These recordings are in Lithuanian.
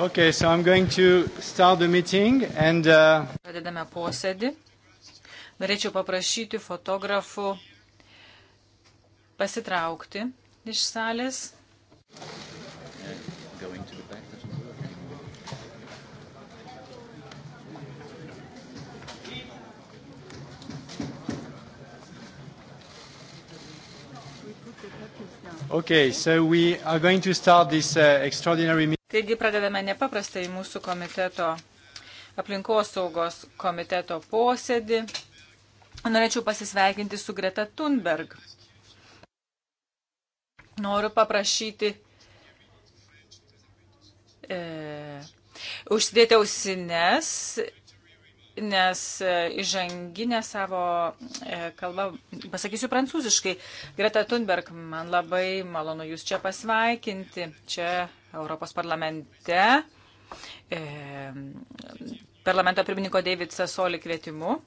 Okay, so I'm going to start the meeting and... Uh... Pradedame posėdį. Norėčiau paprašyti fotografų pasitraukti iš salės. Okay, so we are going to start this uh, extraordinary meeting. Taigi pradedame nepaprastai mūsų komiteto aplinkosaugos komiteto posėdį. Norėčiau pasisveikinti su Greta Thunberg. Noriu paprašyti e, užsidėti ausines, nes e, įžanginę savo e, kalbą pasakysiu prancūziškai. Greta Thunberg, man labai malonu Jūs čia pasveikinti. Čia Europos parlamente e, parlamento pirmininko David Sasoli kvietimu.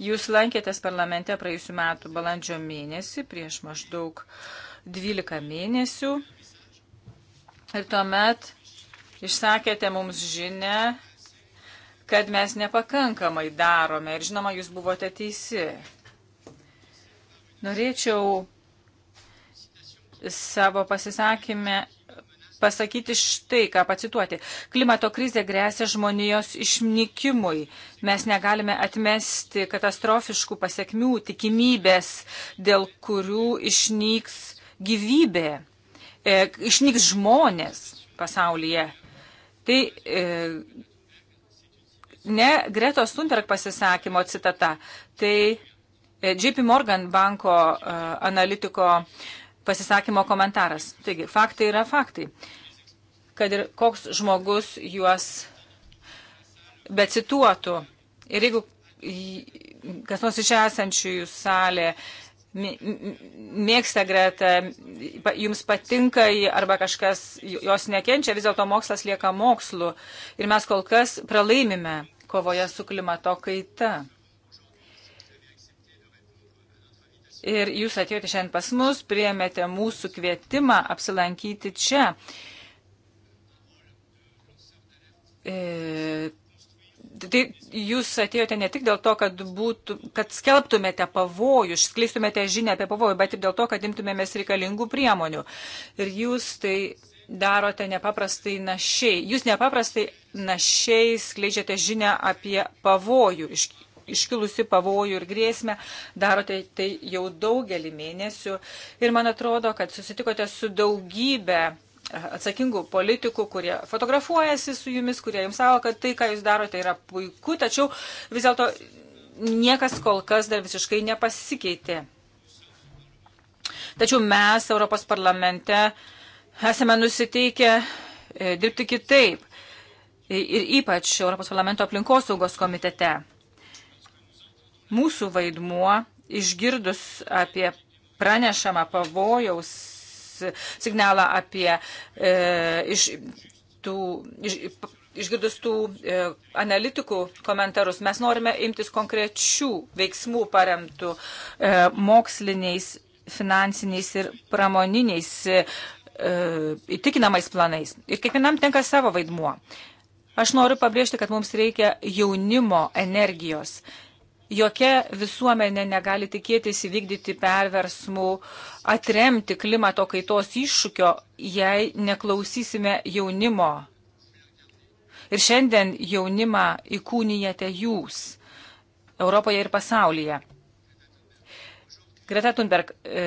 Jūs lankėtės parlamente praėjusiu metu balandžio mėnesį, prieš maždaug 12 mėnesių. Ir tuomet išsakėte mums žinę, kad mes nepakankamai darome. Ir žinoma, jūs buvote teisi. Norėčiau savo pasisakymę pasakyti štai, ką pacituoti. Klimato krizė grėsia žmonijos išnykimui. Mes negalime atmesti katastrofiškų pasiekmių, tikimybės, dėl kurių išnyks gyvybė, e, išnyks žmonės pasaulyje. Tai e, ne Gretos Thunberg pasisakymo citata, tai e, JP Morgan banko e, analitiko e, pasisakymo komentaras. Taigi, faktai yra faktai. Kad ir koks žmogus juos becituotų. Ir jeigu kas nors iš esančiųjų salė mėgsta Greta, jums patinka jį arba kažkas jos nekenčia, vis dėlto mokslas lieka mokslu. Ir mes kol kas pralaimime kovoje su klimato kaita. ir jūs atėjote šiandien pas mus, priemėte mūsų kvietimą apsilankyti čia. E, tai jūs atėjote ne tik dėl to, kad, būtų, kad skelbtumėte pavojų, skleistumėte žinę apie pavojų, bet ir dėl to, kad imtumėmės reikalingų priemonių. Ir jūs tai darote nepaprastai našiai. Jūs nepaprastai našiai skleidžiate žinę apie pavojų, iš, iškilusi pavojų ir grėsmę, darote tai jau daugelį mėnesių. Ir man atrodo, kad susitikote su daugybė e, atsakingų politikų, kurie fotografuojasi su jumis, kurie jums savo, kad tai, ką jūs darote, yra puiku, tačiau vis dėlto niekas kol kas dar visiškai nepasikeitė. Tačiau mes Europos parlamente esame nusiteikę e, dirbti kitaip ir ypač Europos parlamento aplinkosaugos komitete mūsų vaidmuo išgirdus apie pranešamą pavojaus signalą apie e, iš, tų, iš, išgirdus tų e, analitikų komentarus, mes norime imtis konkrečių veiksmų paremtų e, moksliniais, finansiniais ir pramoniniais e, e įtikinamais planais. Ir kiekvienam tenka savo vaidmuo. Aš noriu pabrėžti, kad mums reikia jaunimo energijos. Jokia visuomenė negali tikėtis įvykdyti perversmų, atremti klimato kaitos iššūkio, jei neklausysime jaunimo. Ir šiandien jaunimą įkūnijate jūs Europoje ir pasaulyje. Greta Thunberg, e,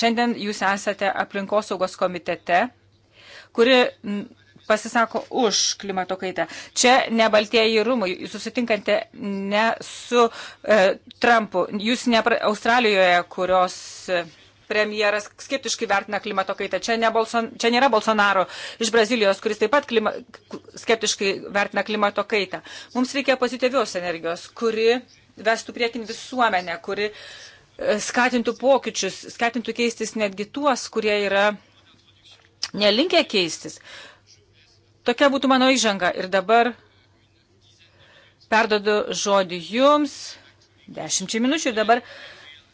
šiandien jūs esate aplinkosaugos komitete, kuri pasisako už klimato kaitą. Čia ne baltieji rūmai, jūs susitinkate ne su e, Trumpu, jūs ne Australijoje, kurios. E, Premjeras skeptiškai vertina klimato kaitą. Čia, ne Bolson, čia nėra Bolsonaro iš Brazilijos, kuris taip pat klima, skeptiškai vertina klimato kaitą. Mums reikia pozityvios energijos, kuri vestų priekin visuomenę, kuri e, skatintų pokyčius, skatintų keistis netgi tuos, kurie yra nelinkę keistis. Uh, Tokia būtų mano įžanga. Ir dabar perdodu žodį jums. Dešimčiai minučių ir dabar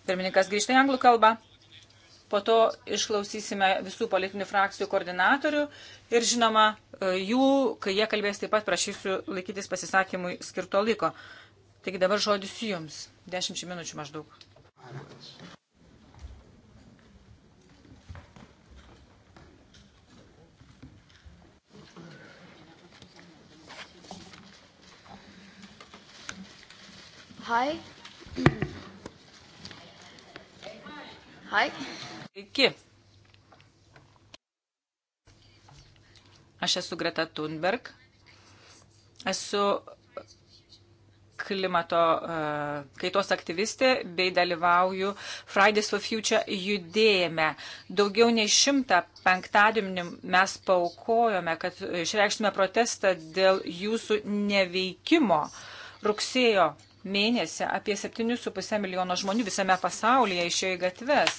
pirmininkas grįžta į anglų kalbą. Po to išklausysime visų politinių frakcijų koordinatorių ir, žinoma, jų, kai jie kalbės, taip pat prašysiu laikytis pasisakymui skirto laiko. Taigi dabar žodis jums. Dešimčiai minučių maždaug. Amen. Hi. Hi. Sveiki. Aš esu Greta Thunberg. Esu klimato uh, kaitos aktyvistė bei dalyvauju Fridays for Future judėjime. Daugiau nei šimtą penktadienį mes paukojome, kad išreikštume protestą dėl jūsų neveikimo rugsėjo mėnesį apie 7,5 milijono žmonių visame pasaulyje išėjo į gatves,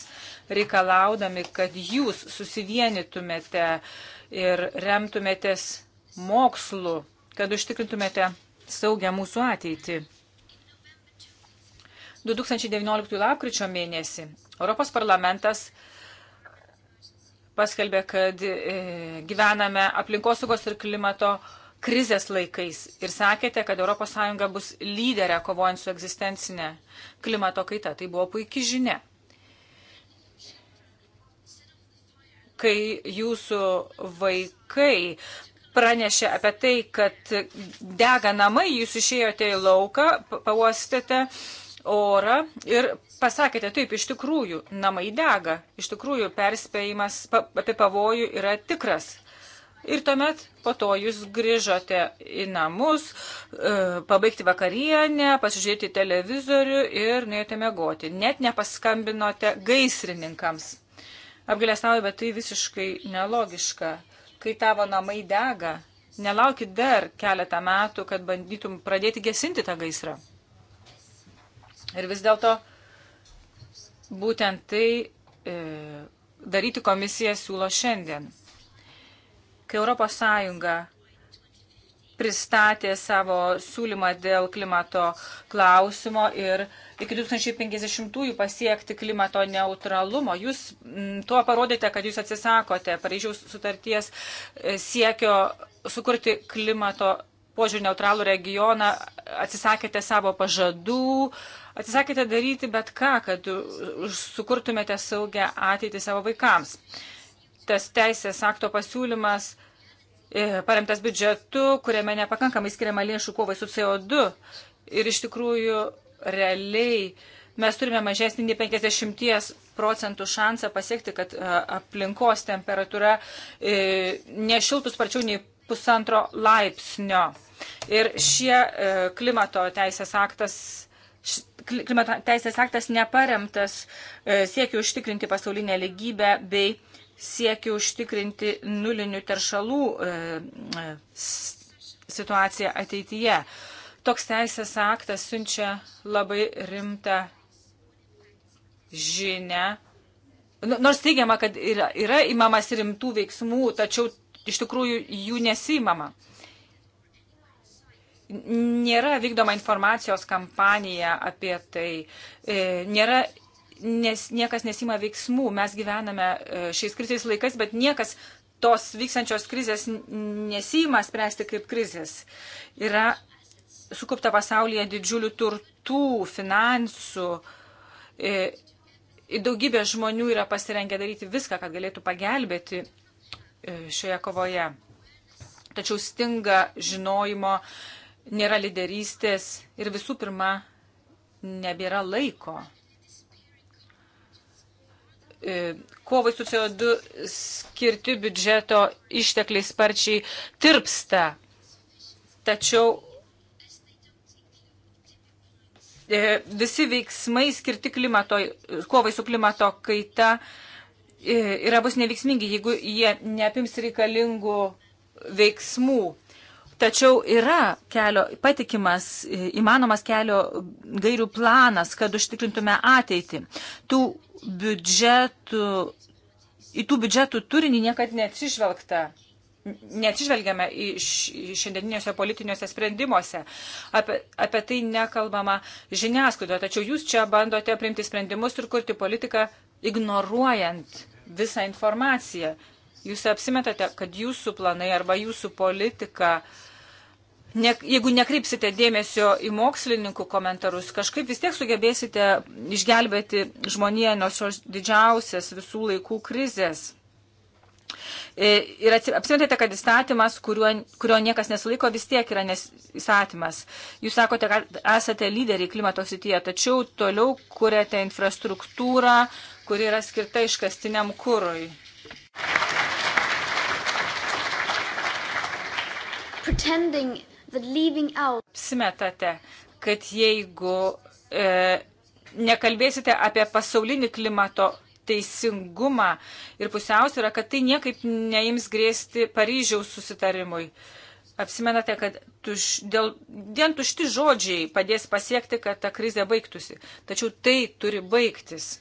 reikalaudami, kad jūs susivienytumėte ir remtumėtės mokslu, kad užtikrintumėte saugę mūsų ateitį. 2019 lapkričio mėnesį Europos parlamentas paskelbė, kad e, gyvename aplinkosaugos ir klimato krizės laikais ir sakėte, kad ES bus lyderė kovojant su egzistencinė klimato kaita. Tai buvo puikia žinia. Kai jūsų vaikai pranešė apie tai, kad dega namai, jūs išėjote į lauką, pauostėte orą ir pasakėte, taip, iš tikrųjų, namai dega, iš tikrųjų, perspėjimas apie pavojų yra tikras. Ir tuomet po to jūs grįžote į namus, e, pabaigti vakarienę, pasižiūrėti televizorių ir nuėjote mėgoti. Net nepaskambinote gaisrininkams. Apgalėstauju, bet tai visiškai nelogiška. Kai tavo namai dega, nelaukit dar keletą metų, kad bandytum pradėti gesinti tą gaisrą. Ir vis dėlto būtent tai e, daryti komisija siūlo šiandien. Kai Europos Sąjunga pristatė savo siūlymą dėl klimato klausimo ir iki 2050-ųjų pasiekti klimato neutralumo. Jūs mm, tuo parodėte, kad jūs atsisakote Paryžiaus sutarties e, siekio sukurti klimato požiūrį neutralų regioną, atsisakėte savo pažadų, atsisakėte daryti bet ką, kad sukurtumėte saugę ateitį savo vaikams. Uh, tas teisės akto pasiūlymas e, paremtas biudžetu, kuriame nepakankamai skiriama lėšų kovai su CO2. Ir iš tikrųjų, realiai mes turime mažesnį nei 50 procentų šansą pasiekti, kad e, aplinkos temperatūra e, nešiltų sparčiau nei pusantro laipsnio. Ir šie klimato teisės aktas klimato teisės aktas neparemtas siekiu užtikrinti pasaulinę lygybę bei siekia užtikrinti nulinių teršalų e, e, situaciją ateityje. Toks teisės aktas siunčia labai rimtą žinę. Nu, nors teigiama, kad yra, yra įmamas rimtų veiksmų, tačiau iš tikrųjų jų nesimama. Nėra vykdoma informacijos kampanija apie tai, e, nėra nes niekas nesima veiksmų. Mes gyvename e, šiais krizės laikais, bet niekas tos vykstančios krizės nesima spręsti kaip krizės. Yra sukaupta pasaulyje didžiulių turtų, finansų. E, daugybė žmonių yra pasirengę daryti viską, kad galėtų pagelbėti e, šioje kovoje. Tačiau stinga žinojimo, nėra lyderystės ir visų pirma, nebėra laiko E, kovai su CO2 skirti biudžeto ištekliai sparčiai tirpsta. Tačiau e, visi veiksmai skirti klimato, kovai su klimato kaita e, yra bus neveiksmingi, jeigu jie neapims reikalingų veiksmų. Tačiau yra kelio, patikimas, įmanomas kelio gairių planas, kad užtikrintume ateitį. Tų biudžetų, į tų biudžetų turinį niekad neatsižvelgta. Neatsižvelgiame į šiandieniniuose politiniuose sprendimuose. Apie, apie tai nekalbama žiniasklaidoje. Tačiau jūs čia bandote priimti sprendimus ir kurti politiką ignoruojant visą informaciją. Jūs apsimetate, kad jūsų planai arba jūsų politika, ne, jeigu nekreipsite dėmesio į mokslininkų komentarus, kažkaip vis tiek sugebėsite išgelbėti žmoniją nuo šios didžiausias visų laikų krizės. E, ir apsimetėte, kad įstatymas, kuriuo, kurio niekas nesilaiko, vis tiek yra nes, įstatymas. Jūs sakote, kad esate lyderiai klimato sityje, tačiau toliau kuriate infrastruktūrą, kuri yra skirta iškastiniam kūrui. out... Apsimetate, kad jeigu e, nekalbėsite apie pasaulinį klimato teisingumą ir pusiausvyrą, kad tai niekaip neims grėsti Paryžiaus susitarimui. Apsimenate, kad tuš, dėl, dien tušti žodžiai padės pasiekti, kad ta krizė baigtųsi. Tačiau tai turi baigtis.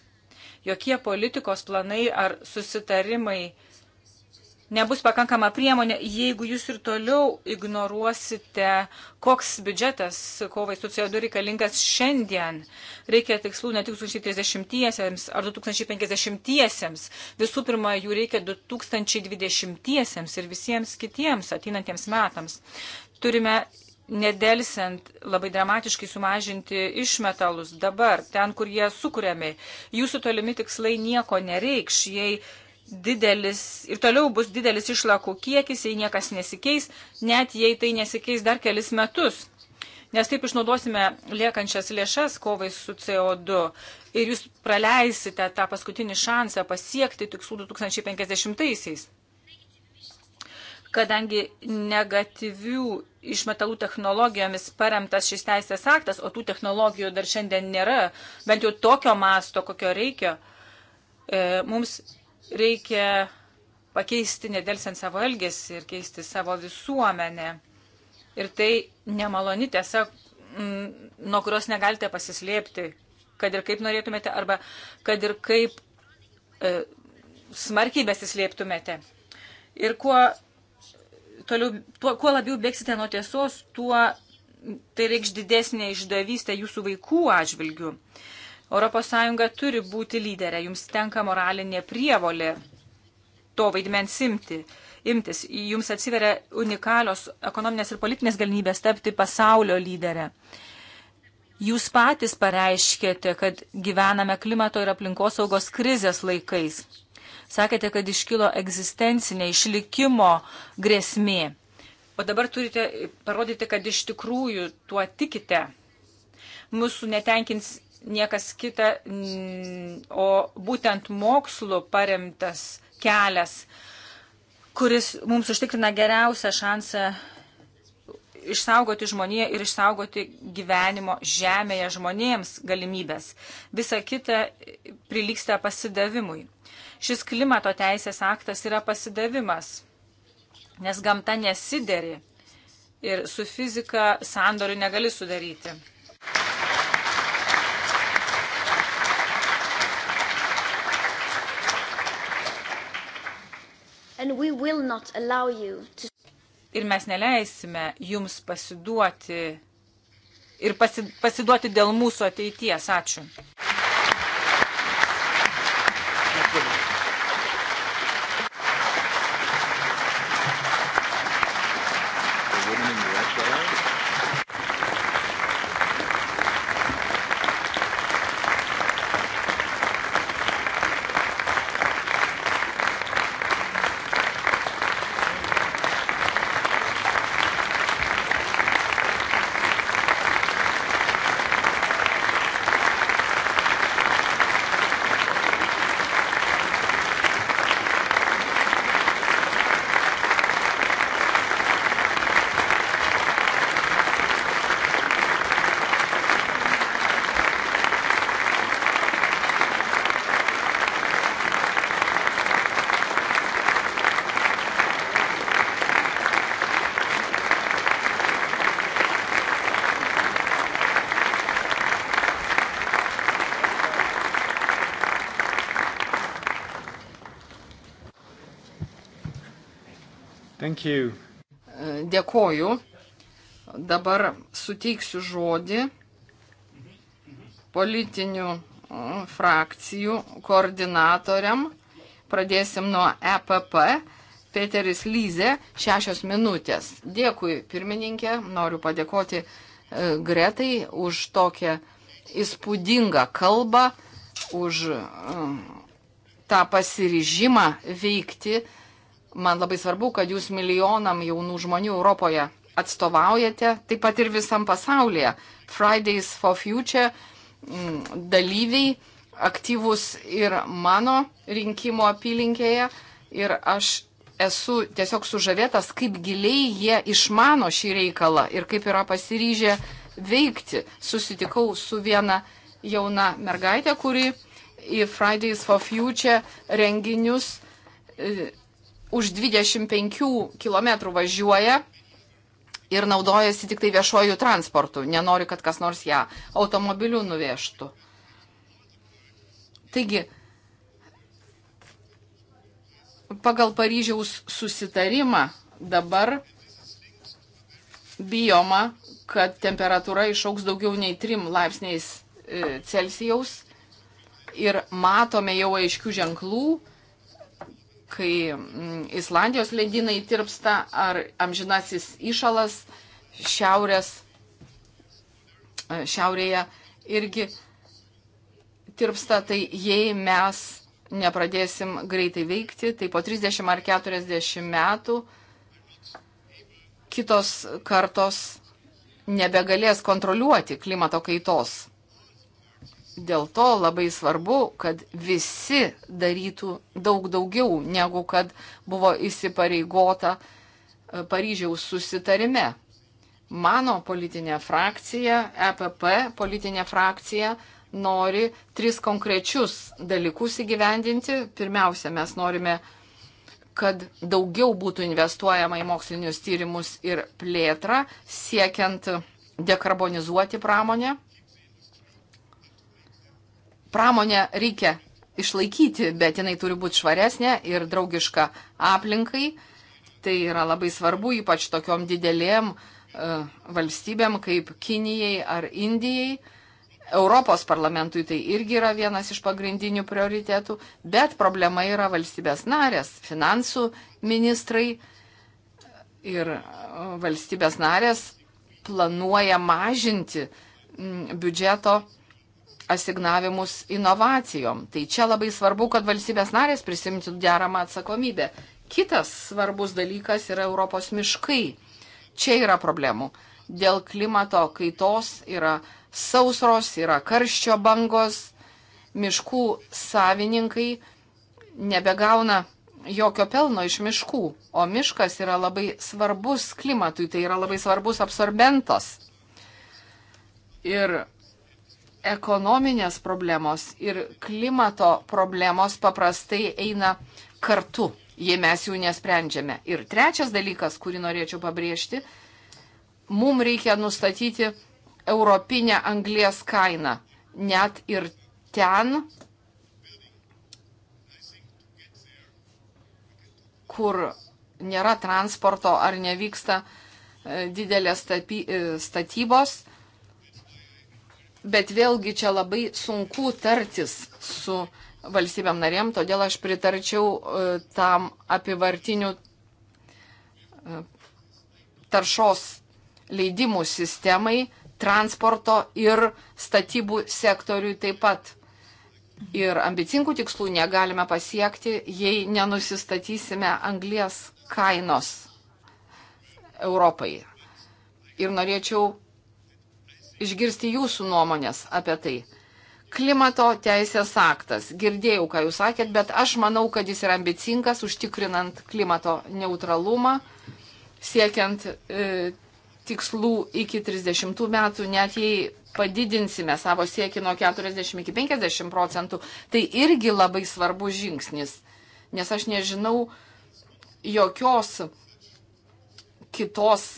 Jokie politikos planai ar susitarimai nebus pakankama priemonė, jeigu jūs ir toliau ignoruosite, koks biudžetas kovai su CO2 reikalingas šiandien. Reikia tikslų ne tik 2030-iesiems ar 2050-iesiems. Visų pirma, jų reikia 2020-iesiems ir visiems kitiems ateinantiems metams. Turime nedelsiant labai dramatiškai sumažinti išmetalus dabar, ten, kur jie sukūrėme. Jūsų tolimi tikslai nieko nereikš, jei didelis ir toliau bus didelis išlakų kiekis, jei niekas nesikeis, net jei tai nesikeis dar kelis metus. Nes taip išnaudosime liekančias lėšas kovai su CO2 ir jūs praleisite tą paskutinį šansą pasiekti tikslų 2050-aisiais. Kadangi negatyvių išmetalų technologijomis paremtas šis teisės aktas, o tų technologijų dar šiandien nėra, bent jau tokio masto, kokio reikia, e, mums Reikia pakeisti nedelsiant savo elgesį ir keisti savo visuomenę. Ir tai nemaloni tiesa, mm, nuo kurios negalite pasislėpti, kad ir kaip norėtumėte, arba kad ir kaip e, smarkiai besislėptumėte. Ir kuo, toliau, tuo, kuo labiau bėgsite nuo tiesos, tuo tai reikš didesnė išdavystė jūsų vaikų atžvilgių. E, ES turi būti lyderė, jums tenka moralinė prievolė to vaidmens imti. Imtis. Jums atsiveria unikalios ekonominės ir politinės galimybės tapti pasaulio lyderę. Jūs patys pareiškėte, kad gyvename klimato ir aplinkosaugos krizės laikais. Sakėte, kad iškilo egzistencinė išlikimo grėsmė. O dabar turite parodyti, kad iš tikrųjų tuo tikite. Mūsų netenkins niekas kita, o būtent mokslu paremtas kelias, kuris mums užtikrina geriausią šansą išsaugoti žmoniją ir išsaugoti gyvenimo žemėje žmonėms galimybės. Visa kita prilyksta pasidavimui. Šis klimato teisės aktas yra pasidavimas, nes gamta nesideri ir su fizika sandorių negali sudaryti. To... Ir mes neleisime jums pasiduoti ir pasi, pasiduoti dėl mūsų ateities. Ačiū. Dėkoju. Dabar suteiksiu žodį politinių mm, frakcijų koordinatoriam. Pradėsim nuo EPP. Peteris Lyze, šešios minutės. Dėkui, pirmininkė. Noriu padėkoti e, Gretai už tokią įspūdingą kalbą, už mm, tą pasiryžimą veikti uh, Man labai svarbu, kad jūs milijonam jaunų žmonių Europoje atstovaujate, taip pat ir visam pasaulyje. Fridays for Future mm, dalyviai aktyvus ir mano rinkimo apylinkėje ir aš esu tiesiog sužavėtas, kaip giliai jie išmano šį reikalą ir kaip yra pasiryžę veikti. Susitikau su viena jauna mergaitė, kuri į Fridays for Future renginius e, už 25 km važiuoja ir naudojasi tik tai viešuoju transportu. Nenori, kad kas nors ją automobiliu nuvežtų. Taigi, pagal Paryžiaus susitarimą dabar bijoma, kad temperatūra išauks daugiau nei 3 laipsniais e, Celsijaus ir matome jau aiškių ženklų, kai mm, Islandijos ledynai tirpsta, ar amžinasis įšalas šiaurės, e, šiaurėje irgi tirpsta, tai jei mes nepradėsim greitai veikti, tai po 30 ar 40 metų kitos kartos nebegalės kontroliuoti klimato kaitos. Dėl to labai svarbu, kad visi darytų daug daugiau, negu kad buvo įsipareigota e, Paryžiaus susitarime. Mano politinė frakcija, EPP politinė frakcija, nori tris konkrečius dalykus įgyvendinti. Pirmiausia, mes norime, kad daugiau būtų investuojama į mokslinius tyrimus ir plėtrą, siekiant dekarbonizuoti pramonę pramonę reikia išlaikyti, bet jinai turi būti švaresnė ir draugiška aplinkai. Tai yra labai svarbu, ypač tokiom didelėm e, valstybėm kaip Kinijai ar Indijai. Europos parlamentui tai irgi yra vienas iš pagrindinių prioritetų, bet problema yra valstybės narės, finansų ministrai ir e, valstybės narės planuoja mažinti biudžeto asignavimus inovacijom. Tai čia labai svarbu, kad valstybės narės prisimtų deramą atsakomybę. Kitas svarbus dalykas yra Europos miškai. Čia yra problemų. Dėl klimato kaitos yra sausros, yra karščio bangos, miškų savininkai nebegauna jokio pelno iš miškų, o miškas yra labai svarbus klimatui, tai yra labai svarbus absorbentas. Ir ekonominės problemos ir klimato problemos paprastai eina kartu, jei mes jų nesprendžiame. Ir trečias dalykas, kurį norėčiau pabrėžti, mums reikia nustatyti europinę anglės kainą. Net ir ten, kur nėra transporto ar nevyksta e, didelės e, statybos, bet vėlgi čia labai sunku tartis su valstybėm narėm, todėl aš pritarčiau e, tam apivartinių e, taršos leidimų sistemai, transporto ir statybų sektoriui taip pat. Ir ambicingų tikslų negalime pasiekti, jei nenusistatysime anglies kainos Europai. Ir norėčiau išgirsti jūsų nuomonės apie tai. Klimato teisės aktas. Girdėjau, ką jūs sakėt, bet aš manau, kad jis yra ambicingas, užtikrinant klimato neutralumą, siekiant e, tikslų iki 30 metų, net jei padidinsime savo siekį nuo 40 iki 50 procentų, tai irgi labai svarbus žingsnis, nes aš nežinau jokios kitos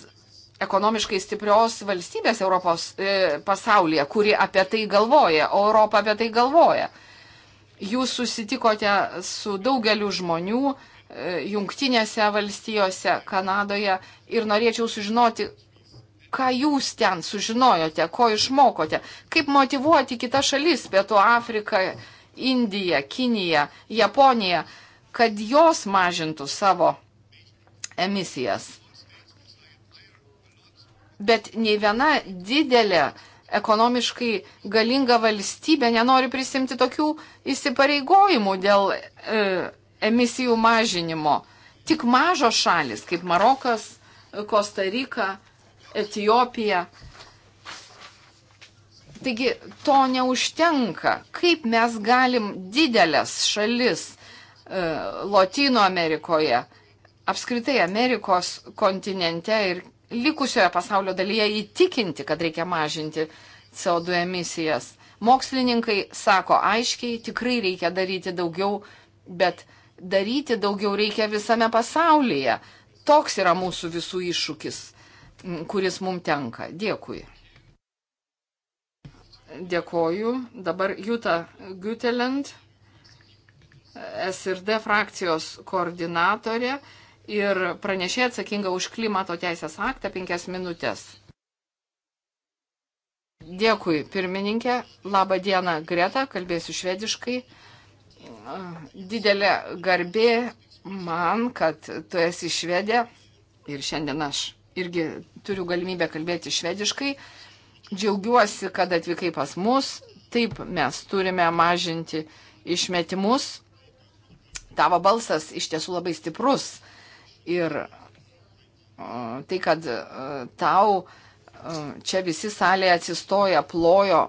ekonomiškai stiprios valstybės Europos e, pasaulyje, kuri apie tai galvoja, o Europa apie tai galvoja. Jūs susitikote su daugeliu žmonių e, jungtinėse valstijose, Kanadoje ir norėčiau sužinoti, ką jūs ten sužinojote, ko išmokote, kaip motivuoti kitas šalis, Pietų Afriką, Indiją, Kiniją, Japoniją, kad jos mažintų savo emisijas bet nei viena didelė ekonomiškai galinga valstybė nenori prisimti tokių įsipareigojimų dėl e, emisijų mažinimo. Tik mažos šalis kaip Marokas, Kostarika, Etijopija. Taigi to neužtenka. Kaip mes galim didelės šalis e, Latino Amerikoje, apskritai Amerikos kontinente ir likusioje pasaulio dalyje įtikinti, kad reikia mažinti CO2 emisijas. Mokslininkai sako aiškiai, tikrai reikia daryti daugiau, bet daryti daugiau reikia visame pasaulyje. Toks yra mūsų visų iššūkis, kuris mums tenka. Dėkui. Dėkoju. Dabar Juta Guteland, SRD frakcijos koordinatorė ir pranešė atsakinga už klimato teisės aktą penkias minutės. Dėkui, pirmininkė. Labą dieną, Greta, kalbėsiu švediškai. Didelė garbė man, kad tu esi švedė ir šiandien aš irgi turiu galimybę kalbėti švediškai. Džiaugiuosi, kad atvykai pas mus. Taip mes turime mažinti išmetimus. Tavo balsas iš tiesų labai stiprus ir tai, kad e, tau e, čia visi salėje atsistoja, plojo,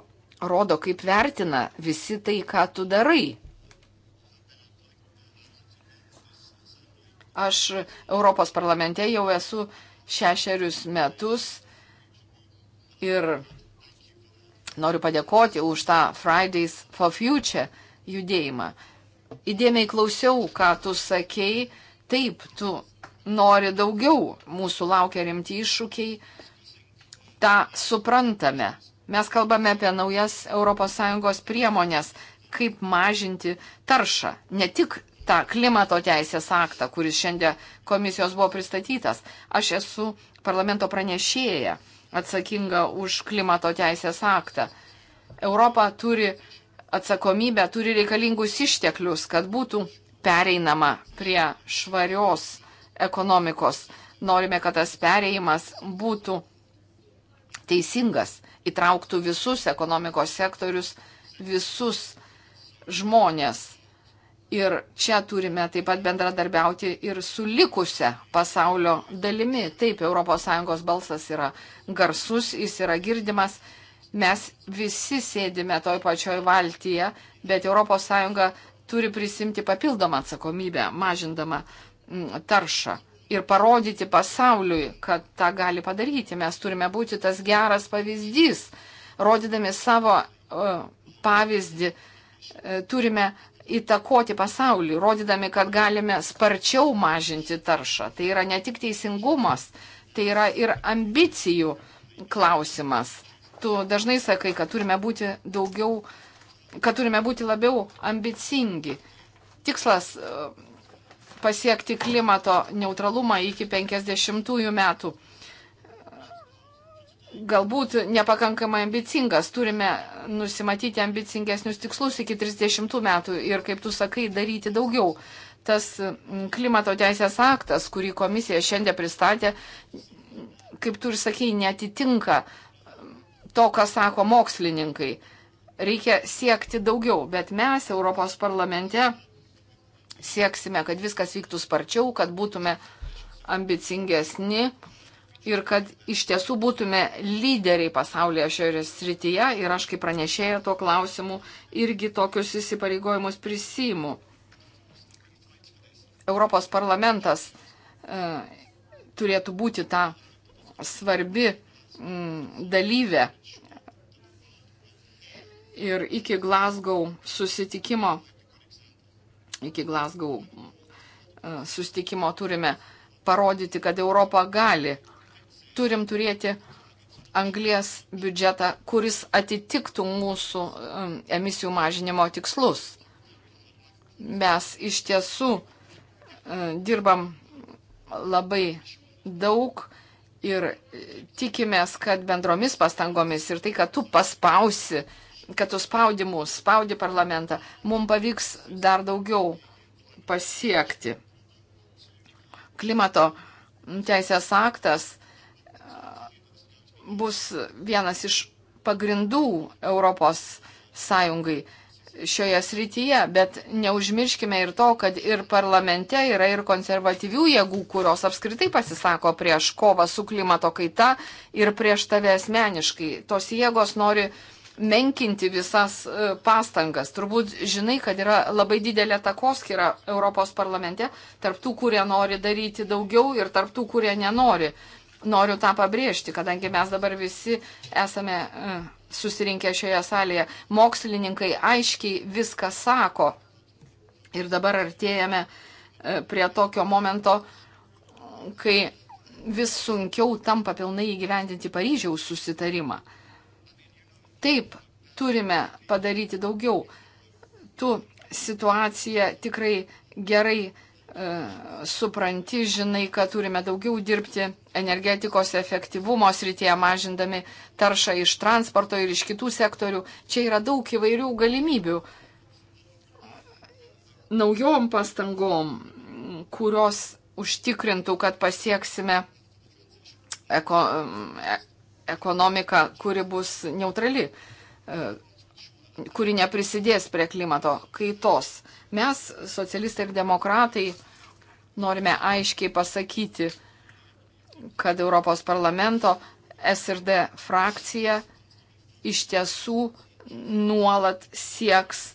rodo, kaip vertina visi tai, ką tu darai. Aš Europos parlamente jau esu šešerius metus ir noriu padėkoti už tą Fridays for Future judėjimą. Įdėmiai klausiau, ką tu sakei, taip, tu nori daugiau, mūsų laukia rimti iššūkiai, tą suprantame. Mes kalbame apie naujas ES priemonės, kaip mažinti taršą, ne tik tą klimato teisės aktą, kuris šiandien komisijos buvo pristatytas. Aš esu parlamento pranešėja atsakinga už klimato teisės aktą. Europa turi atsakomybę, turi reikalingus išteklius, kad būtų pereinama prie švarios ekonomikos. Norime, kad tas perėjimas būtų teisingas, įtrauktų visus ekonomikos sektorius, visus žmonės. Ir čia turime taip pat bendradarbiauti ir su likusia pasaulio dalimi. Taip, ES balsas yra garsus, jis yra girdimas. Mes visi sėdime toj pačioj valtyje, bet ES turi prisimti papildomą atsakomybę, mažindama Mm, taršą ir parodyti pasauliui, kad tą gali padaryti. Mes turime būti tas geras pavyzdys. Rodydami savo e, pavyzdį e, turime įtakoti pasaulį, rodydami, kad galime sparčiau mažinti taršą. Tai yra ne tik teisingumas, tai yra ir ambicijų klausimas. Tu dažnai sakai, kad turime būti daugiau, kad turime būti labiau ambicingi. Tikslas e, pasiekti klimato neutralumą iki 50 metų. Galbūt nepakankamai ambicingas, turime nusimatyti ambicingesnius tikslus iki 30 metų ir, kaip tu sakai, daryti daugiau. Tas mm, klimato teisės aktas, kurį komisija šiandien pristatė, kaip tu ir sakai, netitinka to, ką sako mokslininkai. Reikia siekti daugiau, bet mes Europos parlamente sieksime, kad viskas vyktų sparčiau, kad būtume ambicingesni ir kad iš tiesų būtume lyderiai pasaulyje šioje srityje ir aš kaip pranešėja tuo klausimu irgi tokius įsipareigojimus prisimu. Europos parlamentas e, turėtų būti ta svarbi m, mm, dalyvė ir iki Glasgow susitikimo iki Glasgow e, sustikimo turime parodyti, kad Europa gali. Turim turėti anglės biudžetą, kuris atitiktų mūsų e, emisijų mažinimo tikslus. Mes iš tiesų e, dirbam labai daug ir tikimės, kad bendromis pastangomis ir tai, kad tu paspausi uh, kad tu spaudi mus, spaudi parlamentą, mums pavyks dar daugiau pasiekti. Klimato teisės aktas e, bus vienas iš pagrindų Europos Sąjungai šioje srityje, bet neužmirškime ir to, kad ir parlamente yra ir konservatyvių jėgų, kurios apskritai pasisako prieš kovą su klimato kaita ir prieš tave asmeniškai. Tos jėgos nori uh, menkinti visas e, pastangas. Turbūt žinai, kad yra labai didelė takoskira Europos parlamente tarp tų, kurie nori daryti daugiau ir tarp tų, kurie nenori. Noriu tą pabrėžti, kadangi mes dabar visi esame e, susirinkę šioje salėje. Mokslininkai aiškiai viską sako. Ir dabar artėjame e, prie tokio momento, kai vis sunkiau tampa pilnai įgyvendinti Paryžiaus susitarimą. Taip, turime padaryti daugiau. Tu situaciją tikrai gerai e, supranti, žinai, kad turime daugiau dirbti energetikos efektyvumo srityje, mažindami taršą iš transporto ir iš kitų sektorių. Čia yra daug įvairių galimybių naujom pastangom, kurios užtikrintų, kad pasieksime eko, ekonomika, kuri bus neutrali, e, kuri neprisidės prie klimato kaitos. Mes, socialistai ir demokratai, norime aiškiai pasakyti, kad Europos parlamento SRD frakcija iš tiesų nuolat sieks,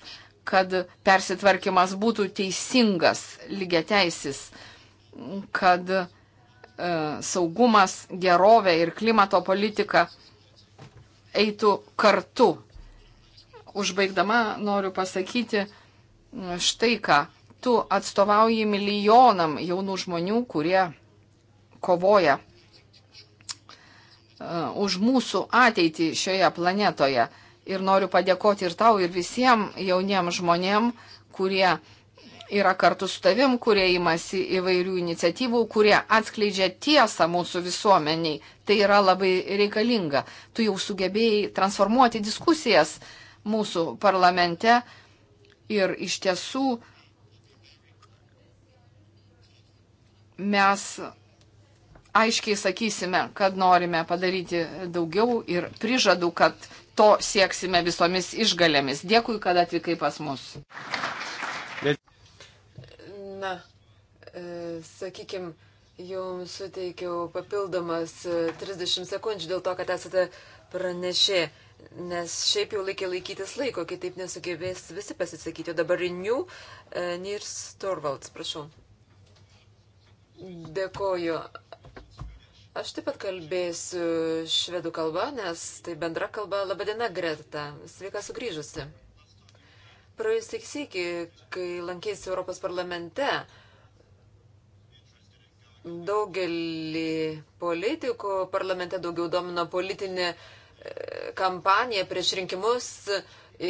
kad persitvarkymas būtų teisingas, lygiateisis, kad uh, E, saugumas, gerovė ir klimato politika eitų kartu. Užbaigdama noriu pasakyti e, štai ką. Tu atstovauji milijonam jaunų žmonių, kurie kovoja e, už mūsų ateitį šioje planetoje. Ir noriu padėkoti ir tau, ir visiems jauniem žmonėm, kurie uh, yra kartu su tavim, kurie imasi įvairių iniciatyvų, kurie atskleidžia tiesą mūsų visuomeniai. Tai yra labai reikalinga. Tu jau sugebėjai transformuoti diskusijas mūsų parlamente ir iš tiesų mes aiškiai sakysime, kad norime padaryti daugiau ir prižadu, kad to sieksime visomis išgalėmis. Dėkui, kad atvykai pas mus. Bet... Na, e, sakykime, jums suteikiau papildomas 30 e, sekundžių dėl to, kad esate pranešė, nes šiaip jau laikė laikytis laiko, kitaip nesugebės visi pasisakyti. O dabar Renew e, Nirs Torvalds, prašau. Dėkoju. Aš taip pat kalbėsiu švedų kalba, nes tai bendra kalba. Labadiena, Greta. Sveika sugrįžusi praėjusį sėkį, kai lankėsi Europos parlamente, daugelį politikų parlamente daugiau domino politinė e, kampanija prieš rinkimus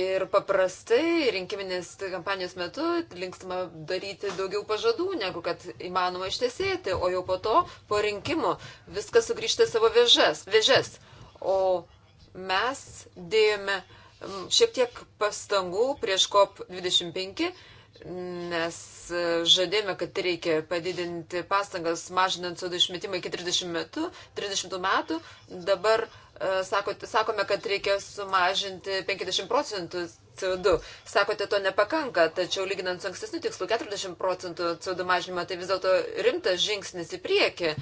ir paprastai rinkiminės kampanijos metu linkstama daryti daugiau pažadų, negu kad įmanoma ištesėti, o jau po to, po rinkimų, viskas sugrįžta savo vėžes. vėžes. O mes dėjome uh, šiek tiek pastangų prieš COP25, nes e, žadėjome, kad tai reikia padidinti pastangas mažinant CO2 išmetimą iki 30 metų. 30 metų. Dabar e, sako, sakome, kad reikia sumažinti 50 procentų CO2. Sakote, to nepakanka, tačiau lyginant su ankstesniu tikslu 40 procentų CO2 mažinimą, tai vis dėlto rimtas žingsnis į priekį.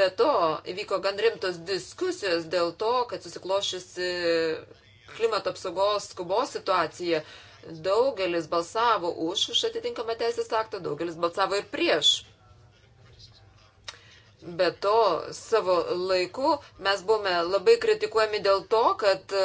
Be to, įvyko gan rimtos diskusijos dėl to, kad susikloščiusi klimato apsaugos skubos situaciją, daugelis balsavo už, už atitinkamą teisės aktą, daugelis balsavo ir prieš. Be to, savo laiku mes buvome labai kritikuojami dėl to, kad e,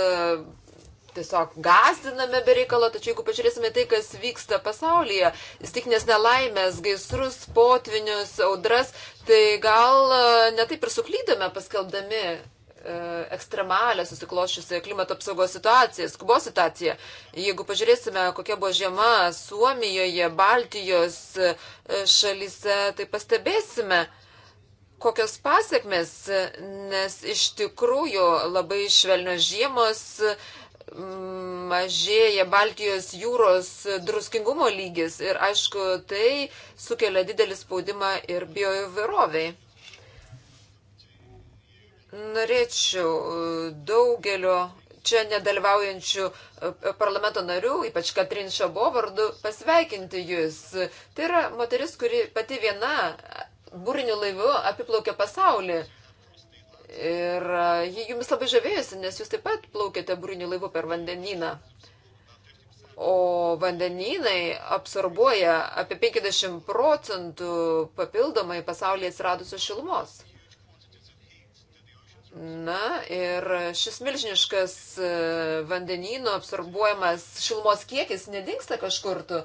tiesiog gazdiname be reikalo, tačiau jeigu pažiūrėsime tai, kas vyksta pasaulyje, stiknės nelaimės, gaisrus, potvinius, audras, tai gal e, netaip ir suklydome paskelbdami E, ekstremalią susikloščiusią klimato apsaugos situaciją, skubos situaciją. Jeigu pažiūrėsime, kokia buvo žiema Suomijoje, Baltijos e, šalyse, tai pastebėsime, kokios pasiekmes, nes iš tikrųjų labai švelnios žiemos mažėja Baltijos jūros druskingumo lygis ir aišku tai sukelia didelį spaudimą ir bioįvairoviai. Norėčiau e, daugelio čia nedalyvaujančių e, parlamento narių, ypač Katrin Šabo vardu, pasveikinti jūs. Tai yra moteris, kuri pati viena būriniu laivu apiplaukė pasaulį. Ir e, ji jumis labai žavėjusi, nes jūs taip pat plaukėte būriniu laivu per vandenyną. O vandenynai absorbuoja apie 50 procentų papildomai pasaulyje atsiradusios šilumos. Na ir šis milžiniškas e, vandenino absorbuojamas šilumos kiekis nedingsta kažkur tu.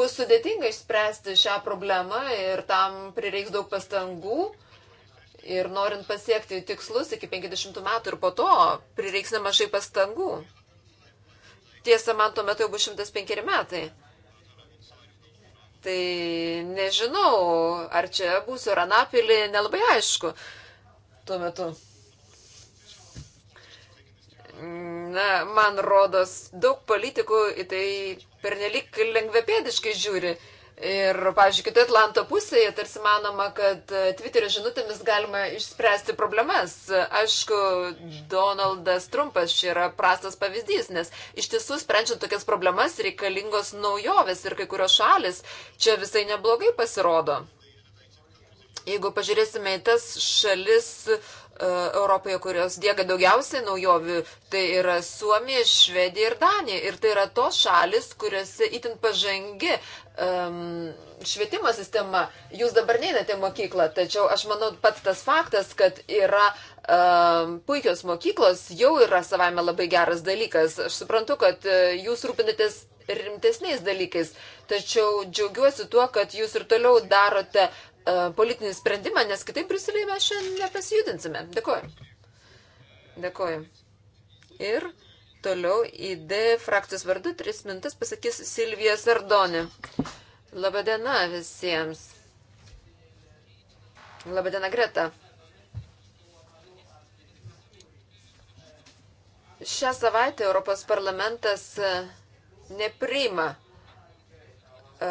Bus sudėtinga išspręsti šią problemą ir tam prireiks daug pastangų. Ir norint pasiekti tikslus iki 50 metų ir po to prireiks nemažai pastangų. Tiesa, man tuo metu jau bus 105 metai. Tai nežinau, ar čia būsiu Ranapilį, nelabai aišku. Uh, tuo metu. Na, man rodos, daug politikų į tai pernelik lengvepėdiškai žiūri. Ir, pavyzdžiui, kitoje Atlanto pusėje tarsi manoma, kad e, Twitterio žinutėmis galima išspręsti problemas. Aišku, Donaldas Trumpas čia yra prastas pavyzdys, nes iš tiesų sprendžiant tokias problemas reikalingos naujovės ir kai kurios šalis čia visai neblogai pasirodo. Jeigu pažiūrėsime į tas šalis e, Europoje, kurios dėga daugiausiai naujovių, tai yra Suomija, Švedija ir Danija. Ir tai yra tos šalis, kuriuose itin pažangi um, švietimo sistema. Jūs dabar neinate mokyklą, tačiau aš manau pats tas faktas, kad yra um, puikios mokyklos, jau yra savame labai geras dalykas. Aš suprantu, kad e, jūs rūpinatės rimtesniais dalykais. Tačiau džiaugiuosi tuo, kad jūs ir toliau darote E, politinį sprendimą, nes kitaip Briuselėje mes šiandien nepasijudinsime. Dėkuoju. Dėkuoju. Ir toliau ID frakcijos vardu tris mintas pasakys Silvija Sardoni. Labadiena visiems. Labadiena Greta. Šią savaitę Europos parlamentas e, nepriima uh,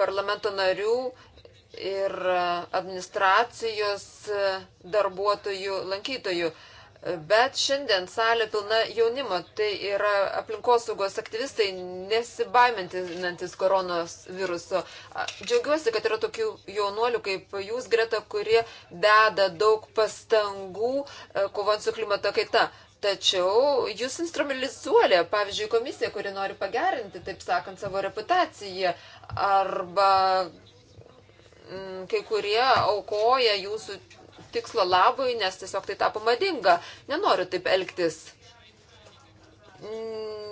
parlamento narių ir administracijos darbuotojų lankytojų. Bet šiandien salė pilna jaunimo, tai yra aplinkosaugos aktyvistai nesibaimintis koronos viruso. Džiaugiuosi, kad yra tokių jaunuolių kaip jūs, Greta, kurie deda daug pastangų e, kovant su klimato kaita. Tačiau jūs instrumentalizuoja, pavyzdžiui, komisija, kuri nori pagerinti, taip sakant, savo reputaciją arba m, mm, kai kurie aukoja jūsų tikslo labui, nes tiesiog tai tapo madinga. Nenoriu taip elgtis.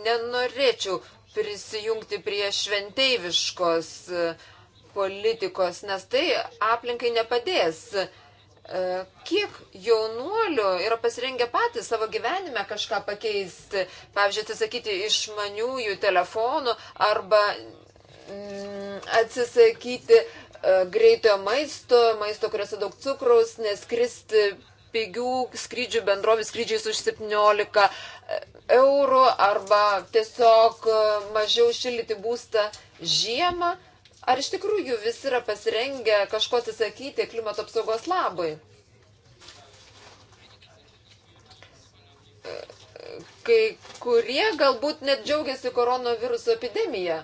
Nenorėčiau prisijungti prie šventeiviškos politikos, nes tai aplinkai nepadės. E, kiek jaunuolių yra pasirengę patys savo gyvenime kažką pakeisti, pavyzdžiui, atsisakyti išmaniųjų telefonų arba mm, atsisakyti uh, e, greitojo maisto, maisto, kuriuose daug cukraus, neskristi pigių skrydžių bendrovį skrydžiais už 17 e, eurų arba tiesiog mažiau šildyti būstą žiemą. Ar iš tikrųjų visi yra pasirengę kažko atsisakyti klimato apsaugos labui? Kai kurie galbūt net džiaugiasi koronaviruso epidemija,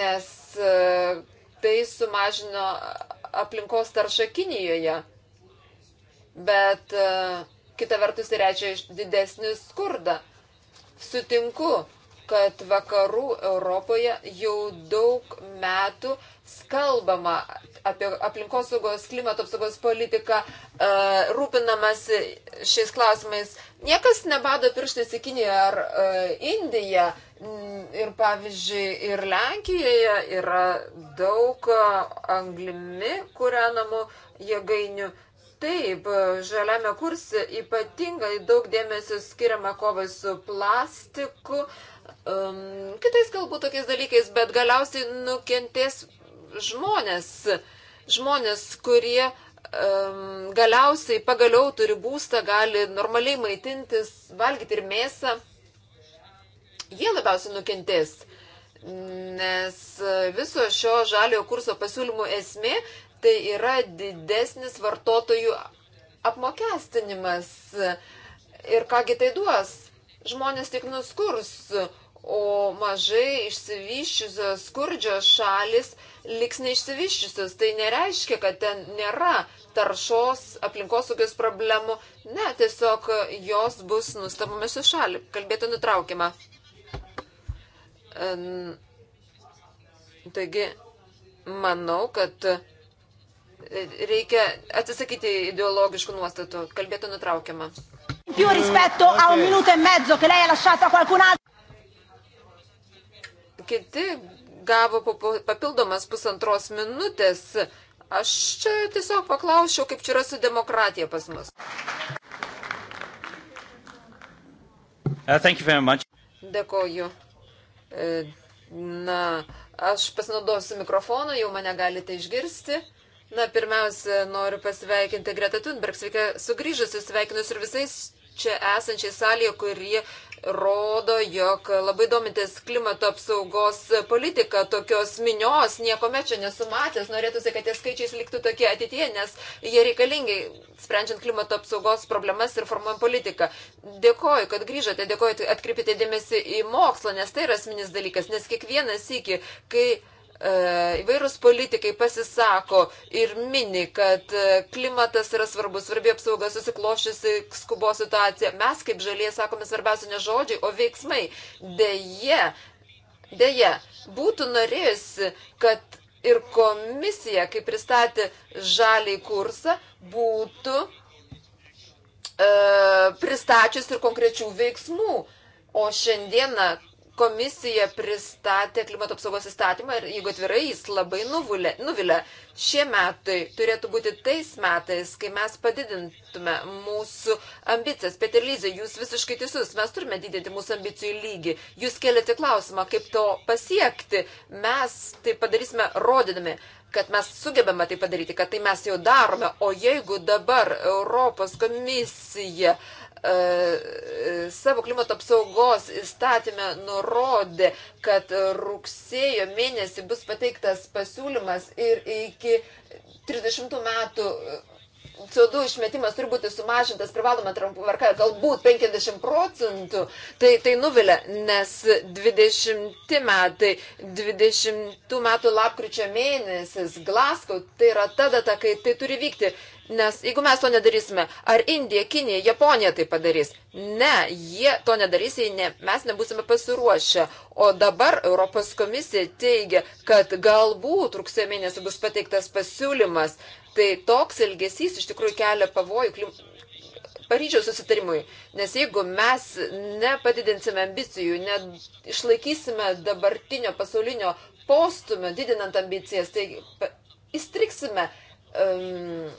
nes e, tai sumažino aplinkos taršą Kinijoje. Bet e, kita vertus tai reičia didesnį skurdą. Sutinku, kad vakarų Europoje jau daug metų kalbama apie aplinkosaugos, klimato apsaugos politiką, e, rūpinamas šiais klausimais. Niekas nebado pirštais į Kiniją ar e, Indiją. Ir pavyzdžiui, ir Lenkijoje yra daug e, anglimi kūrenamų jėgainių. Taip, žaliame kurse ypatingai daug dėmesio skiriama kovai su plastiku, um, kitais galbūt tokiais dalykais, bet galiausiai nukentės žmonės, žmonės, kurie um, galiausiai pagaliau turi būstą, gali normaliai maitintis, valgyti ir mėsą. Jie labiausiai nukentės nes viso šio žaliojo kurso pasiūlymų esmė tai yra didesnis vartotojų apmokestinimas. Ir kągi tai duos? Žmonės tik nuskurs, o mažai išsivyščiusios skurdžios šalis liks neišsivyščiusios. Tai nereiškia, kad ten nėra taršos aplinkosaugės problemų. Ne, tiesiog jos bus nustabomis į šalį. Kalbėtų nutraukima. Taigi, manau, kad Reikia atsisakyti ideologiškų nuostatų. Kalbėtų nutraukiama. E Kiti gavo papildomas pusantros minutės. Aš čia tiesiog paklausčiau, kaip čia yra su demokratija pas mus. Uh, Dėkoju. E, na, aš pasinaudosiu mikrofoną, jau mane galite išgirsti. Na, pirmiausia, noriu pasveikinti Greta Thunberg. Sveika sugrįžusi, sveikinus ir visais čia esančiai salėje, kurie rodo, jog labai domintis klimato apsaugos politika tokios minios, niekome čia nesumatęs, norėtųsi, kad tie skaičiai liktų tokie ateitie, nes jie reikalingi, sprendžiant klimato apsaugos problemas ir formuojant politiką. Dėkoju, kad grįžote, dėkoju, atkreipite dėmesį į mokslą, nes tai yra asmenis dalykas, nes kiekvienas iki, kai E, įvairūs politikai pasisako ir mini, kad e, klimatas yra svarbus, svarbi apsauga, susiklošusi skubo situacija. Mes kaip žalie sakome svarbiausia ne žodžiai, o veiksmai. Deja, deja, būtų norėjusi, kad ir komisija, kai pristatė žaliai kursą, būtų e, pristačius ir konkrečių veiksmų. O šiandieną komisija pristatė klimato apsaugos įstatymą ir jeigu atvirai jis labai nuvulė, nuvilė. Šie metai turėtų būti tais metais, kai mes padidintume mūsų ambicijas. Peter Lyze, jūs visiškai teisus, mes turime didinti mūsų ambicijų lygį. Jūs keliate klausimą, kaip to pasiekti. Mes tai padarysime rodydami kad mes sugebame tai padaryti, kad tai mes jau darome, o jeigu dabar Europos komisija uh, E, savo klimato apsaugos įstatymę nurodė, kad rugsėjo mėnesį bus pateiktas pasiūlymas ir iki 30 metų CO2 išmetimas turi būti sumažintas privaloma tvarka galbūt 50 procentų, tai tai nuvilia, nes 20 metai, 20 metų lapkričio mėnesis Glasgow, tai yra ta data, kai tai turi vykti. Nes jeigu mes to nedarysime, ar Indija, Kinija, Japonija tai padarys? Ne, jie to nedarys, jei ne, mes nebusime pasiruošę. O dabar Europos komisija teigia, kad galbūt rugsėjo mėnesį bus pateiktas pasiūlymas. Tai toks elgesys iš tikrųjų kelia pavojų klim... Paryžiaus susitarimui, nes jeigu mes nepadidinsime ambicijų, neišlaikysime dabartinio pasaulinio postumio, didinant ambicijas, tai įstriksime um,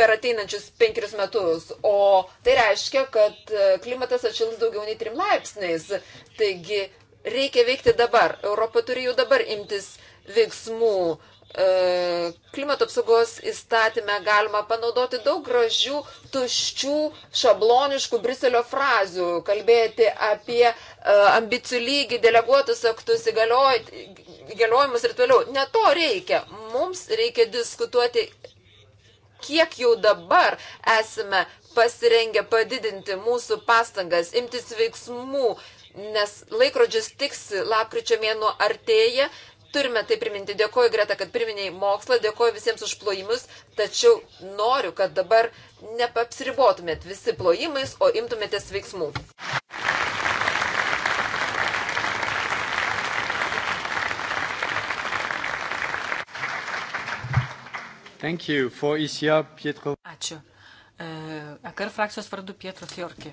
per ateinančius penkerius metus, o tai reiškia, kad e, klimatas atšils daugiau nei trim laipsniais. Taigi reikia veikti dabar. Europa turi jau dabar imtis veiksmų E, klimato apsaugos įstatymę galima panaudoti daug gražių, tuščių, šabloniškų Briselio frazių, kalbėti apie e, ambicijų lygį, deleguotus aktus, įgaliojimus ir toliau. Ne to reikia. Mums reikia diskutuoti, kiek jau dabar esame pasirengę padidinti mūsų pastangas, imtis veiksmų, nes laikrodžius tiksi, lapkričio mėnuo artėja, Turime tai priminti. Dėkoju, Greta, kad priminėjai mokslą, dėkoju visiems už plojimus, tačiau noriu, kad dabar nepapsiribotumėt visi plojimais, o imtumėtės veiksmų. Ačiū. Akar e, frakcijos vardu Pietro Fjorki.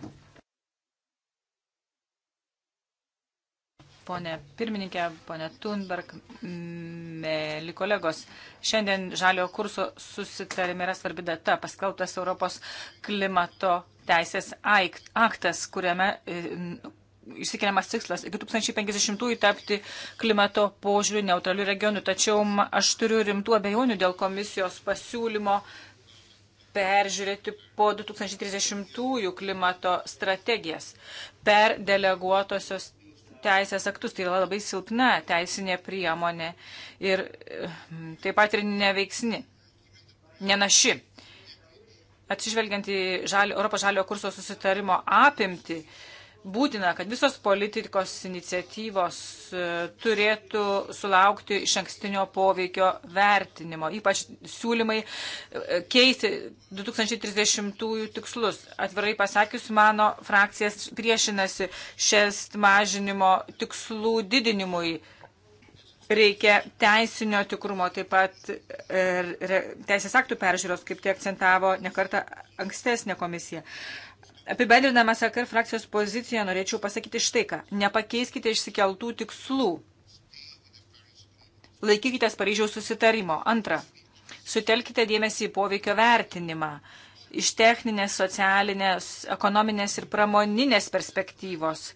ponė pirmininkė, ponė Thunberg, mėly kolegos. Šiandien žaliojo kurso susitarime yra svarbi data, paskelbtas Europos klimato teisės aktas, kuriame e, išsikeliamas tikslas iki 2050-ųjų tapti klimato požiūrių neutralių regionų. Tačiau aš turiu rimtų abejonių dėl komisijos pasiūlymo peržiūrėti po 2030-ųjų klimato strategijas per deleguotosios teisės aktus. Tai yra labai silpna teisinė priemonė ir e, taip pat ir neveiksni, nenaši. Atsižvelgiant į žalio, Europos žalio kurso susitarimo apimti, uh, būtina, kad visos politikos iniciatyvos e, turėtų sulaukti iš ankstinio poveikio vertinimo, ypač siūlymai e, keisti 2030-ųjų tikslus. Atvirai pasakius, mano frakcijas priešinasi šias mažinimo tikslų didinimui. Reikia teisinio tikrumo, taip pat e, teisės aktų peržiūros, kaip tai akcentavo nekarta ankstesnė komisija. Uh, Apibendrinama SAKR frakcijos poziciją norėčiau pasakyti štai ką. Nepakeiskite išsikeltų tikslų. Laikykite Paryžiaus susitarimo. Antra, sutelkite dėmesį į poveikio vertinimą iš techninės, socialinės, ekonominės ir pramoninės perspektyvos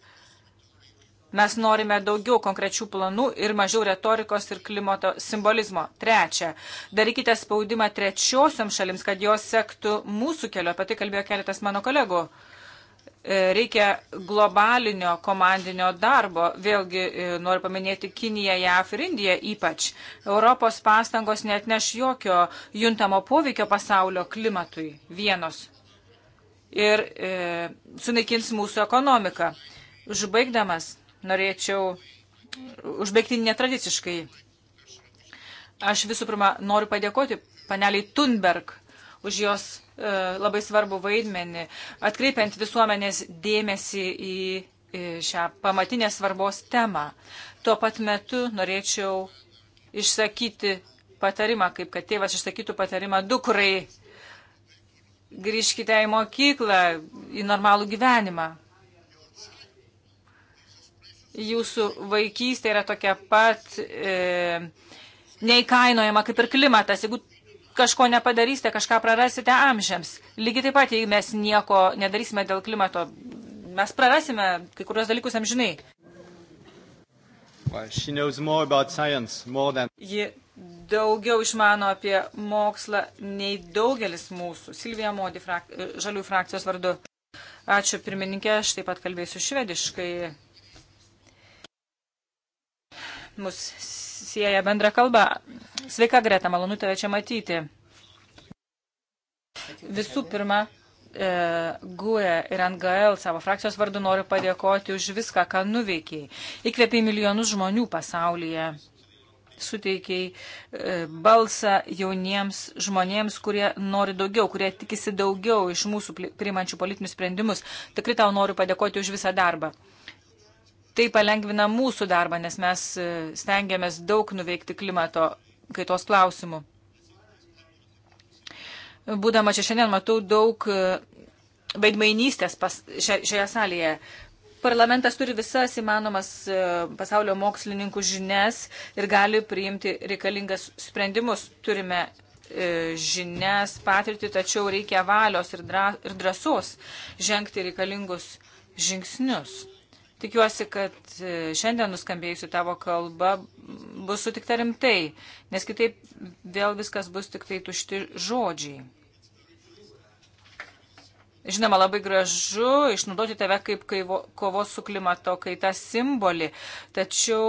Mes norime daugiau konkrečių planų ir mažiau retorikos ir klimato simbolizmo. Trečia, darykite spaudimą trečiosiom šalims, kad jos sektų mūsų keliu. Apie tai kalbėjo keletas mano kolegų. E, reikia globalinio komandinio darbo. Vėlgi e, noriu paminėti Kiniją, JAF ir Indiją ypač. Europos pastangos net neš jokio juntamo poveikio pasaulio klimatui vienos. Ir e, sunaikins mūsų ekonomiką. Užbaigdamas, norėčiau užbaigti netradiciškai. Aš visų pirma noriu padėkoti paneliai Tunberg už jos e, labai svarbų vaidmenį, atkreipiant visuomenės dėmesį į, į šią pamatinę svarbos temą. Tuo pat metu norėčiau išsakyti patarimą, kaip kad tėvas išsakytų patarimą dukrai. Grįžkite į mokyklą, į normalų gyvenimą jūsų vaikystė yra tokia pat e, neįkainojama kaip ir klimatas. Jeigu kažko nepadarysite, kažką prarasite amžiams. Lygiai taip pat, jei mes nieko nedarysime dėl klimato, mes prarasime kai kurios dalykus amžinai. Well, science, than... Ji daugiau išmano apie mokslą nei daugelis mūsų. Silvija Modi, frak, žalių frakcijos vardu. Ačiū pirmininkė, aš taip pat kalbėsiu švediškai mus sieja bendra kalba. Sveika, Greta, malonu tave čia matyti. Visų pirma, e, GUE ir NGL savo frakcijos vardu noriu padėkoti už viską, ką nuveikiai. Įkvėpiai milijonus žmonių pasaulyje suteikiai e, balsą jauniems žmonėms, kurie nori daugiau, kurie tikisi daugiau iš mūsų priimančių politinius sprendimus. Tikrai tau noriu padėkoti už visą darbą tai palengvina mūsų darbą, nes mes e, stengiamės daug nuveikti klimato kaitos klausimų. Būdama čia šiandien matau daug e, veidmainystės šioje salėje. Parlamentas turi visas įmanomas e, pasaulio mokslininkų žinias ir gali priimti reikalingas sprendimus. Turime žinias, patirtį, tačiau reikia valios ir, dra, ir drąsos žengti reikalingus žingsnius. Tikiuosi, kad e, šiandien nuskambėjusi tavo kalba bus sutikta rimtai, nes kitaip vėl viskas bus tik tai tušti žodžiai. Žinoma, labai gražu išnaudoti tave kaip kovos su klimato kaita simbolį, tačiau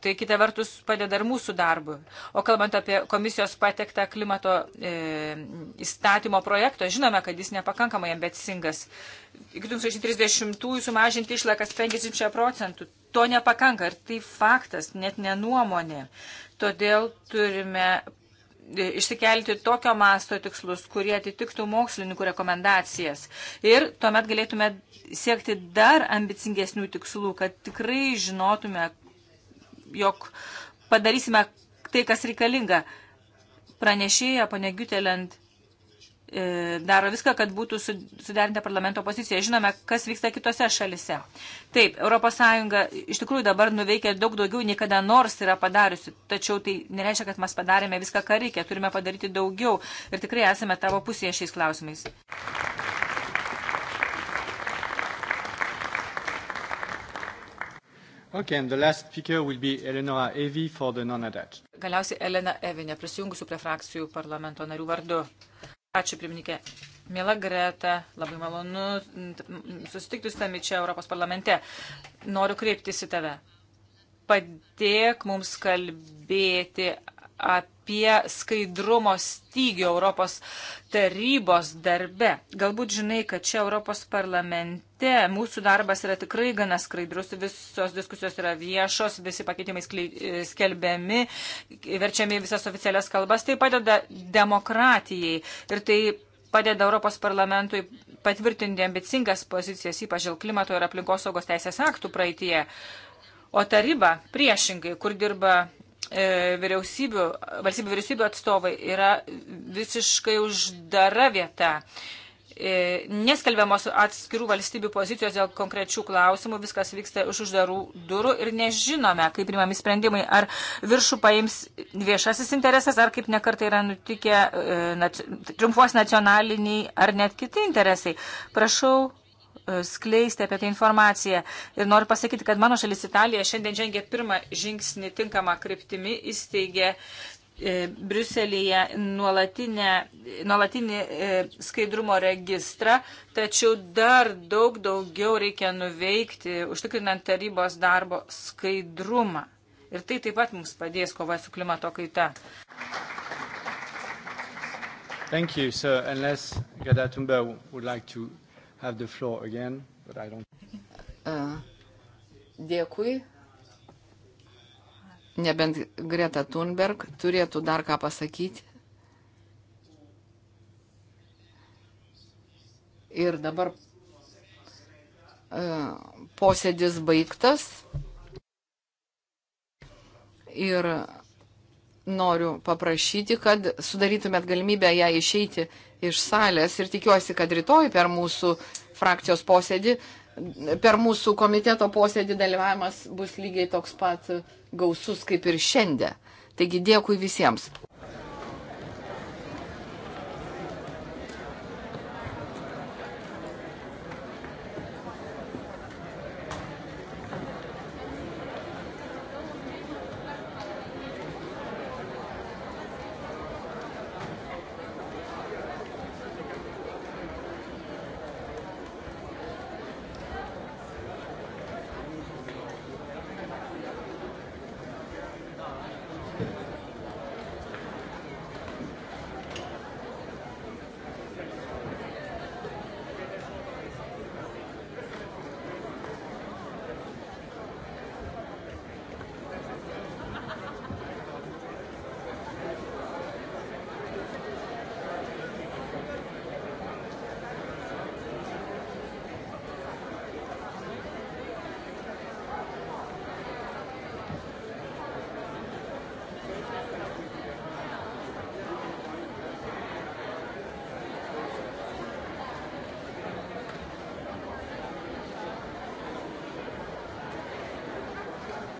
tai kita vertus padeda ir mūsų darbui. O kalbant apie komisijos patektą klimato e, įstatymo projektą, žinome, kad jis nepakankamai ambicingas. Iki 2030-ųjų sumažinti išlakas 50 procentų. To nepakanka ir tai faktas, net nenuomonė. Todėl turime e, išsikelti tokio masto tikslus, kurie atitiktų mokslininkų rekomendacijas. Ir tuomet galėtume siekti dar ambicingesnių tikslų, kad tikrai žinotume, jog padarysime tai, kas reikalinga. Pranešėja, ponė Gütelent, daro viską, kad būtų suderinta parlamento pozicija. Žinome, kas vyksta kitose šalise. Taip, ES iš tikrųjų dabar nuveikia daug daugiau, nei kada nors yra padariusi. Tačiau tai nereiškia, kad mes padarėme viską, ką reikia. Turime padaryti daugiau ir tikrai esame tavo pusėje šiais klausimais. Okay, and the last speaker will be Eleonora Evi for the non-attached. Galiausiai Elena Evi, neprisijungusių prie frakcijų parlamento narių vardu. Ačiū, pirmininkė. Mėla Greta, labai malonu susitikti su tami čia Europos parlamente. Noriu kreiptis į tave. Padėk mums kalbėti apie apie skaidrumo stygių Europos tarybos darbe. Galbūt žinai, kad čia Europos parlamente mūsų darbas yra tikrai gana skaidrus, visos diskusijos yra viešos, visi pakeitimai skelbiami, verčiami visas oficialias kalbas, tai padeda demokratijai ir tai padeda Europos parlamentui patvirtinti ambicingas pozicijas, ypač dėl klimato ir aplinkosaugos teisės aktų praeitie. O taryba priešingai, kur dirba E, vyriausybių, valstybių vyriausybių atstovai yra visiškai uždara vieta. E, neskelbiamos atskirų valstybių pozicijos dėl konkrečių klausimų, viskas vyksta už uždarų durų ir nežinome, kaip primami sprendimai, ar viršų paims viešasis interesas, ar kaip nekartai yra nutikę e, triumfuos nacionaliniai ar net kiti interesai. Prašau skleisti apie tai informaciją. Ir noriu pasakyti, kad mano šalis Italija šiandien žengė pirmą žingsnį tinkamą kryptimį, įsteigė e, Briuselėje nuolatinį e, skaidrumo registrą, tačiau dar daug daugiau reikia nuveikti, užtikrinant tarybos darbo skaidrumą. Ir tai taip pat mums padės kova su klimato kaita. Thank you. So unless Greta Thunberg would like to have the floor again, but I don't. Uh, dėkui. Nebent Greta Thunberg turėtų dar ką pasakyti. Ir dabar uh, posėdis baigtas. Ir noriu paprašyti, kad sudarytumėt galimybę ją išeiti iš salės ir tikiuosi, kad rytoj per mūsų frakcijos posėdį, per mūsų komiteto posėdį dalyvavimas bus lygiai toks pat gausus kaip ir šiandien. Taigi dėkui visiems.